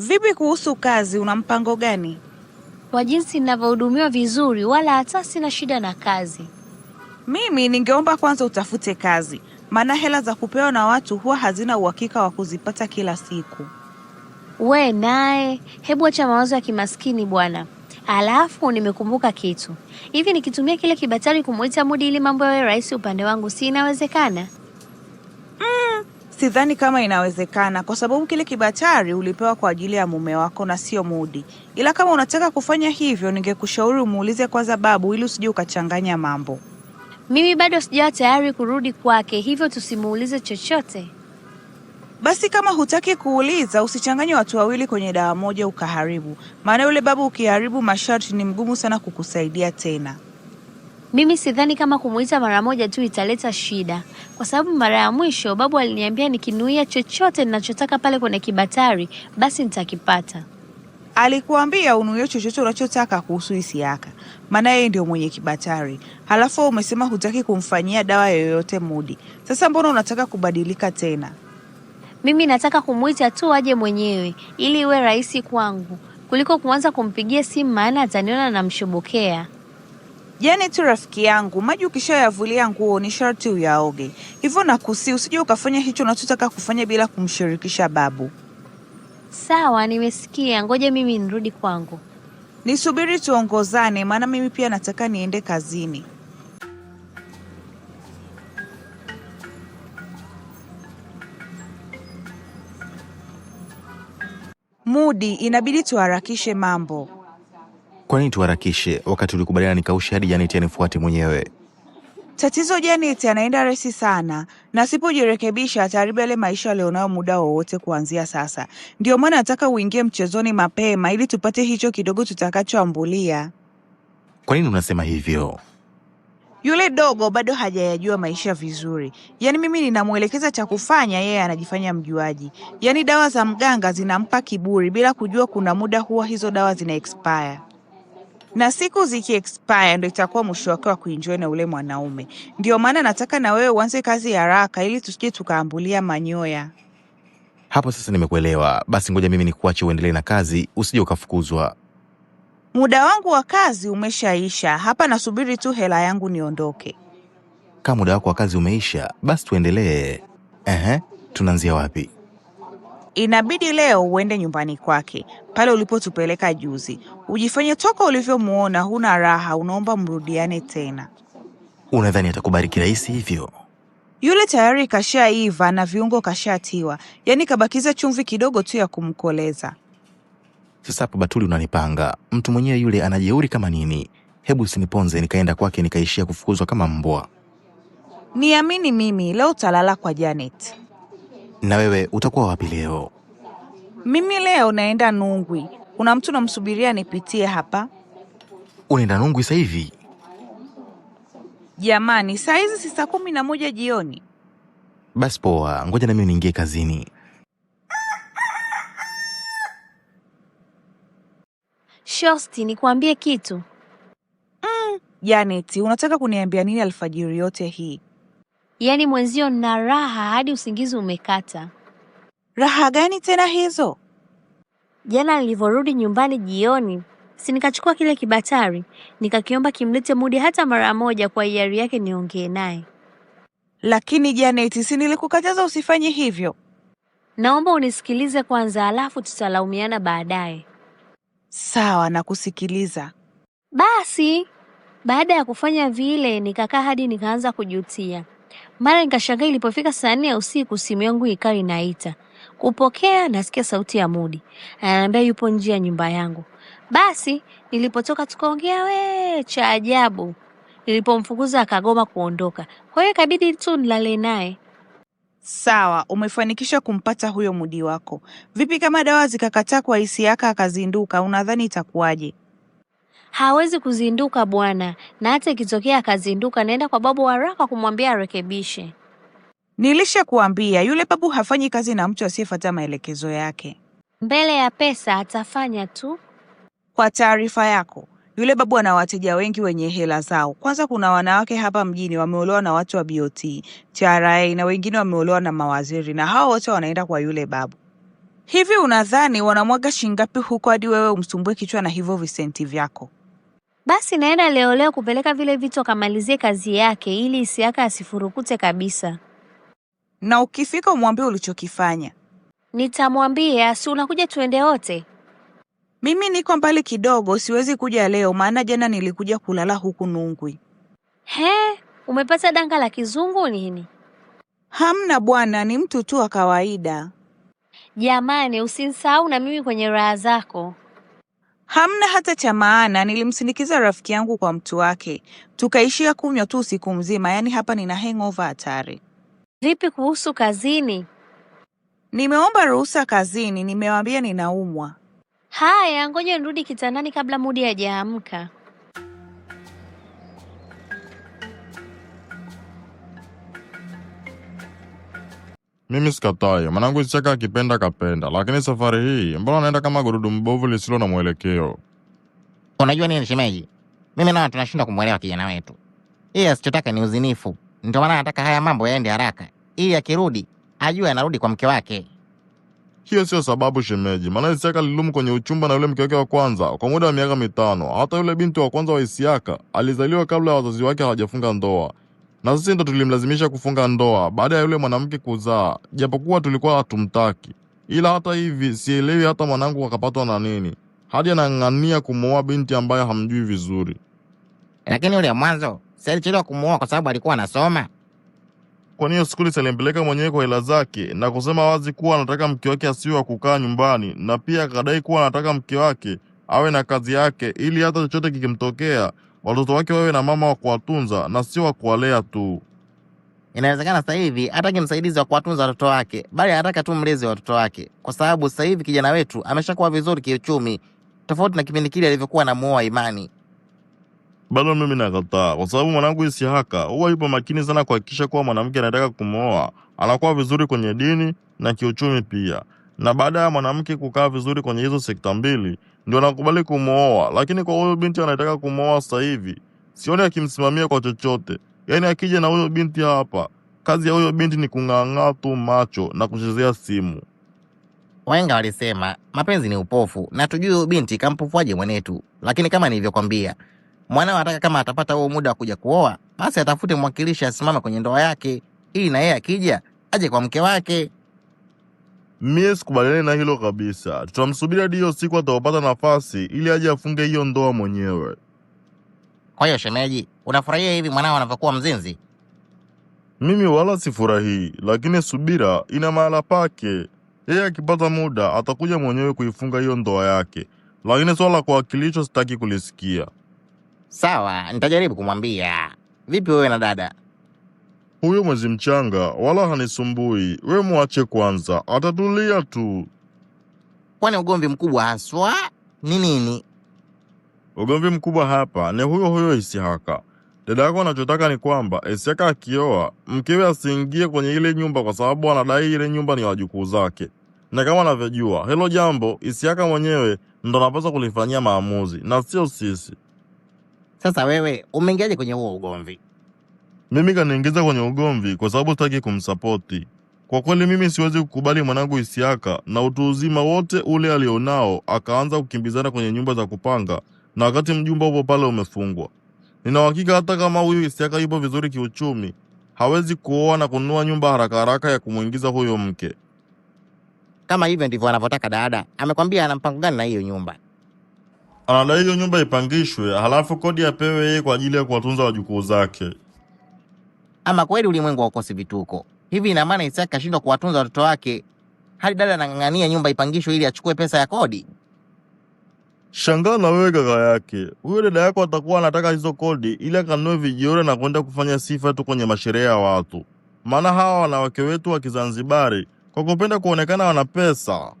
Vipi kuhusu kazi, una mpango gani? Kwa jinsi ninavyohudumiwa vizuri, wala hata sina shida na kazi. Mimi ningeomba kwanza utafute kazi, maana hela za kupewa na watu huwa hazina uhakika wa kuzipata kila siku. We naye, hebu acha mawazo ya kimaskini bwana. Alafu nimekumbuka kitu hivi, nikitumia kile kibatari kumuita Mudi ili mambo yawe rahisi upande wangu, si inawezekana? sidhani kama inawezekana, kwa sababu kile kibatari ulipewa kwa ajili ya mume wako na sio Mudi. Ila kama unataka kufanya hivyo, ningekushauri umuulize kwanza babu, ili usije ukachanganya mambo. Mimi bado sijawa tayari kurudi kwake, hivyo tusimuulize chochote. Basi kama hutaki kuuliza, usichanganye watu wawili kwenye dawa moja ukaharibu, maana yule babu ukiharibu masharti, ni mgumu sana kukusaidia tena. Mimi sidhani kama kumuita mara moja tu italeta shida, kwa sababu mara ya mwisho babu aliniambia nikinuia chochote ninachotaka pale kwenye kibatari basi nitakipata. Alikuambia unuie chochote unachotaka kuhusu Isiaka, maana yeye ndio mwenye kibatari. Halafu umesema hutaki kumfanyia dawa yoyote Mudi. Sasa mbona unataka kubadilika tena? Mimi nataka kumwita tu aje mwenyewe ili iwe rahisi kwangu kuliko kuanza kumpigia simu, maana ataniona namshobokea. Jani tu rafiki yangu, maji ukishayavulia nguo ni sharti uyaoge. Hivyo kusi usije ukafanya hicho unachotaka kufanya bila kumshirikisha babu. Sawa, nimesikia. Ngoja mimi nirudi kwangu. Nisubiri tuongozane, maana mimi pia nataka niende kazini. Mudi, inabidi tuharakishe mambo. Kwa nini tuharakishe wakati ulikubaliana nikaushe hadi Janeti anifuate mwenyewe? Tatizo Janeti anaenda resi sana, na sipojirekebisha ataharibu yale maisha alionayo muda wowote kuanzia sasa. Ndio maana nataka uingie mchezoni mapema, ili tupate hicho kidogo tutakachoambulia. Kwa nini unasema hivyo? Yule dogo bado hajayajua maisha vizuri. Yaani mimi ninamwelekeza cha kufanya, yeye anajifanya mjuaji. Yaani dawa za mganga zinampa kiburi bila kujua kuna muda huwa hizo dawa zina expire na siku ziki expire ndo itakuwa mwisho wake wa kuenjoy na ule mwanaume. Ndio maana nataka na wewe uanze kazi haraka, ili tusije tukaambulia manyoya. Hapo sasa nimekuelewa. Basi ngoja mimi nikuache uendelee na kazi, usije ukafukuzwa. Muda wangu wa kazi umeshaisha hapa, nasubiri tu hela yangu niondoke. Kama muda wako wa kazi umeisha, basi tuendelee. Ehe, tunaanzia wapi? Inabidi leo uende nyumbani kwake pale ulipotupeleka juzi, ujifanye toka ulivyomuona huna raha, unaomba mrudiane tena. Unadhani atakubariki rahisi hivyo? Yule tayari kashaiva na viungo kashatiwa, yaani kabakiza chumvi kidogo tu ya kumkoleza. Sasa hapo Batuli, unanipanga mtu mwenyewe yule, anajeuri kama nini? Hebu siniponze nikaenda kwake nikaishia kufukuzwa kama mbwa. Niamini mimi, leo utalala kwa Janet. Na wewe utakuwa wapi leo? Mimi leo naenda Nungwi. Kuna mtu namsubiria nipitie hapa. Unaenda Nungwi sasa hivi? Jamani, saa hizi si saa kumi na moja jioni? Basi poa, ngoja na mimi niingie kazini. Shosti, nikuambie kitu? Mm, Janeti, unataka kuniambia nini alfajiri yote hii? Yaani mwenzio na raha hadi usingizi umekata. Raha gani tena hizo? Jana nilivyorudi nyumbani jioni, si nikachukua kile kibatari nikakiomba kimlete Mudi hata mara moja kwa hiari yake niongee naye. Lakini Janet, si nilikukataza usifanye hivyo? Naomba unisikilize kwanza, alafu tutalaumiana baadaye. Sawa, nakusikiliza. Basi baada ya kufanya vile, nikakaa hadi nikaanza kujutia. Mara nikashangaa ilipofika saa nne ya usiku simu yangu ikawa inaita. Kupokea nasikia sauti ya Mudi ananiambia yupo nje ya nyumba yangu. Basi nilipotoka tukaongea, we cha ajabu, nilipomfukuza akagoma kuondoka, kwa hiyo ikabidi tu nilale naye. Sawa, umefanikisha kumpata huyo Mudi wako. Vipi kama dawa zikakataa kwa hisi yaka akazinduka, unadhani itakuwaje? hawezi kuzinduka bwana, na hata ikitokea akazinduka, naenda kwa babu haraka kumwambia arekebishe. Nilishakuambia yule babu hafanyi kazi na mtu asiyefuata maelekezo yake. Mbele ya pesa atafanya tu. Kwa taarifa yako, yule babu ana wateja wengi wenye hela zao. Kwanza kuna wanawake hapa mjini wameolewa na watu wa BOT, TRA na wengine wameolewa na mawaziri, na hao wote wanaenda kwa yule babu. Hivi unadhani wanamwaga shingapi huko hadi wewe umsumbue kichwa na hivyo visenti vyako? Basi naenda leo leo kupeleka vile vitu akamalizie kazi yake ili Isiaka asifurukute kabisa. Na ukifika umwambie ulichokifanya. Nitamwambia, si unakuja tuende wote? Mimi niko mbali kidogo, siwezi kuja leo, maana jana nilikuja kulala huku Nungwi. He, umepata danga la kizungu nini? Hamna bwana, ni mtu tu wa kawaida. Jamani, usinisahau na mimi kwenye raha zako. Hamna hata cha maana. Nilimsindikiza rafiki yangu kwa mtu wake, tukaishia kunywa tu usiku mzima. Yaani hapa nina hangover hatari. Vipi kuhusu kazini? Nimeomba ruhusa kazini, nimewaambia ninaumwa. Haya, ngoja nirudi kitandani kabla Mudi hajaamka. Mimi sikatai, mwanangu Isichaka akipenda kapenda, lakini safari hii mbona anaenda kama gurudumu bovu lisilo na mwelekeo? Unajua nini shemeji, mimi nao tunashindwa kumwelewa kijana wetu. Yeye asichotaka ni uzinifu, ndio maana anataka haya mambo yaende haraka, ili akirudi ajue anarudi kwa mke wake. Hiyo sio sababu shemeji, maana Isiaka alidumu kwenye uchumba na yule mke wake wa kwanza kwa muda wa miaka mitano. Hata yule binti wa kwanza wa Isiaka alizaliwa kabla ya wazazi wake hawajafunga ndoa, na sisi ndo tulimlazimisha kufunga ndoa baada ya yule mwanamke kuzaa, japokuwa tulikuwa hatumtaki. Ila hata hivi sielewi hata mwanangu akapatwa na nini hadi anang'ania kumwoa binti ambaye hamjui vizuri. Lakini yule mwanzo si alichelewa kwa sababu alikuwa anasoma? Kwa hiyo skuli alimpeleka mwenyewe kwa hela zake na kusema wazi kuwa anataka mke wake asiwe wa kukaa nyumbani, na pia akadai kuwa anataka mke wake awe na kazi yake ili hata chochote kikimtokea watoto wake wawe na mama wa kuwatunza na si wa kuwalea tu. Inawezekana sasa hivi hataki msaidizi wa kuwatunza watoto wake, bali anataka tu mlezi wa watoto wake, kwa sababu sasa hivi kijana wetu ameshakuwa vizuri kiuchumi, tofauti na kipindi kile alivyokuwa na muoa Imani. Bado mimi nakataa, kwa sababu mwanangu Isihaka huwa yupo makini sana kuhakikisha kuwa mwanamke anataka kumwoa anakuwa vizuri kwenye dini na kiuchumi pia na baada ya mwanamke kukaa vizuri kwenye hizo sekta mbili ndio anakubali kumwoa. Lakini kwa huyo binti anataka kumwoa sasa hivi sioni akimsimamia kwa chochote. Yaani akija na huyo binti hapa, kazi ya huyo binti ni kung'ang'aa tu macho na kuchezea simu. Wenga walisema mapenzi ni upofu, na tujui huyo binti kampofuaje mwenetu. Lakini kama nilivyokwambia, mwanao anataka kama atapata huo muda wa kuja kuoa, basi atafute mwakilishi asimame kwenye ndoa yake, ili na yeye akija aje kwa mke wake. Mie sikubaliani na hilo kabisa. Tutamsubiri hadi hiyo siku atakapopata nafasi ili aje afunge hiyo ndoa mwenyewe. Kwa hiyo shemeji, unafurahia hivi mwanao anavyokuwa mzinzi? Mimi wala sifurahii, lakini subira ina mahala pake. Yeye akipata muda atakuja mwenyewe kuifunga hiyo ndoa yake, lakini swala la kuwakilishwa sitaki kulisikia. Sawa, nitajaribu kumwambia. Vipi wewe na dada? huyo mwezi mchanga wala hanisumbui, we mwache kwanza, atatulia tu. Kwani ugomvi mkubwa haswa ni nini? Ugomvi mkubwa hapa ni huyo huyo Isihaka. Dada yako anachotaka ni kwamba Isihaka akioa mkewe asiingie kwenye ile nyumba, kwa sababu anadai ile nyumba ni wajukuu zake, na kama anavyojua hilo jambo Isihaka mwenyewe ndo anapaswa kulifanyia maamuzi na sio sisi. Sasa wewe umeingiaje kwenye huo ugomvi? Mimi kaniingiza kwenye ugomvi kwa sababu sitaki kumsapoti. Kwa kweli mimi siwezi kukubali mwanangu Isiaka na utu uzima wote ule alionao akaanza kukimbizana kwenye nyumba za kupanga, na wakati mjumba upo pale umefungwa. Nina uhakika hata kama huyu Isiaka yupo vizuri kiuchumi, hawezi kuoa na kununua nyumba haraka haraka ya kumwingiza huyo mke. Kama hivyo ndivyo anavyotaka dada, amekwambia ana mpango gani na hiyo nyumba? Anadai hiyo nyumba ipangishwe, halafu kodi apewe yeye kwa ajili ya kuwatunza wajukuu zake. Ama kweli ulimwengu haukosi vituko. Hivi ina maana Isaki kashindwa kuwatunza watoto wake hadi dada anang'ang'ania nyumba ipangishwe ili achukue pesa ya kodi? Shangaa na wewe kaka yake, huyo dada yako atakuwa anataka hizo kodi ili akanue vijiore na kwenda kufanya sifa tu kwenye masherehe ya watu. Maana hawa wanawake wetu wa Kizanzibari kwa kupenda kuonekana wana pesa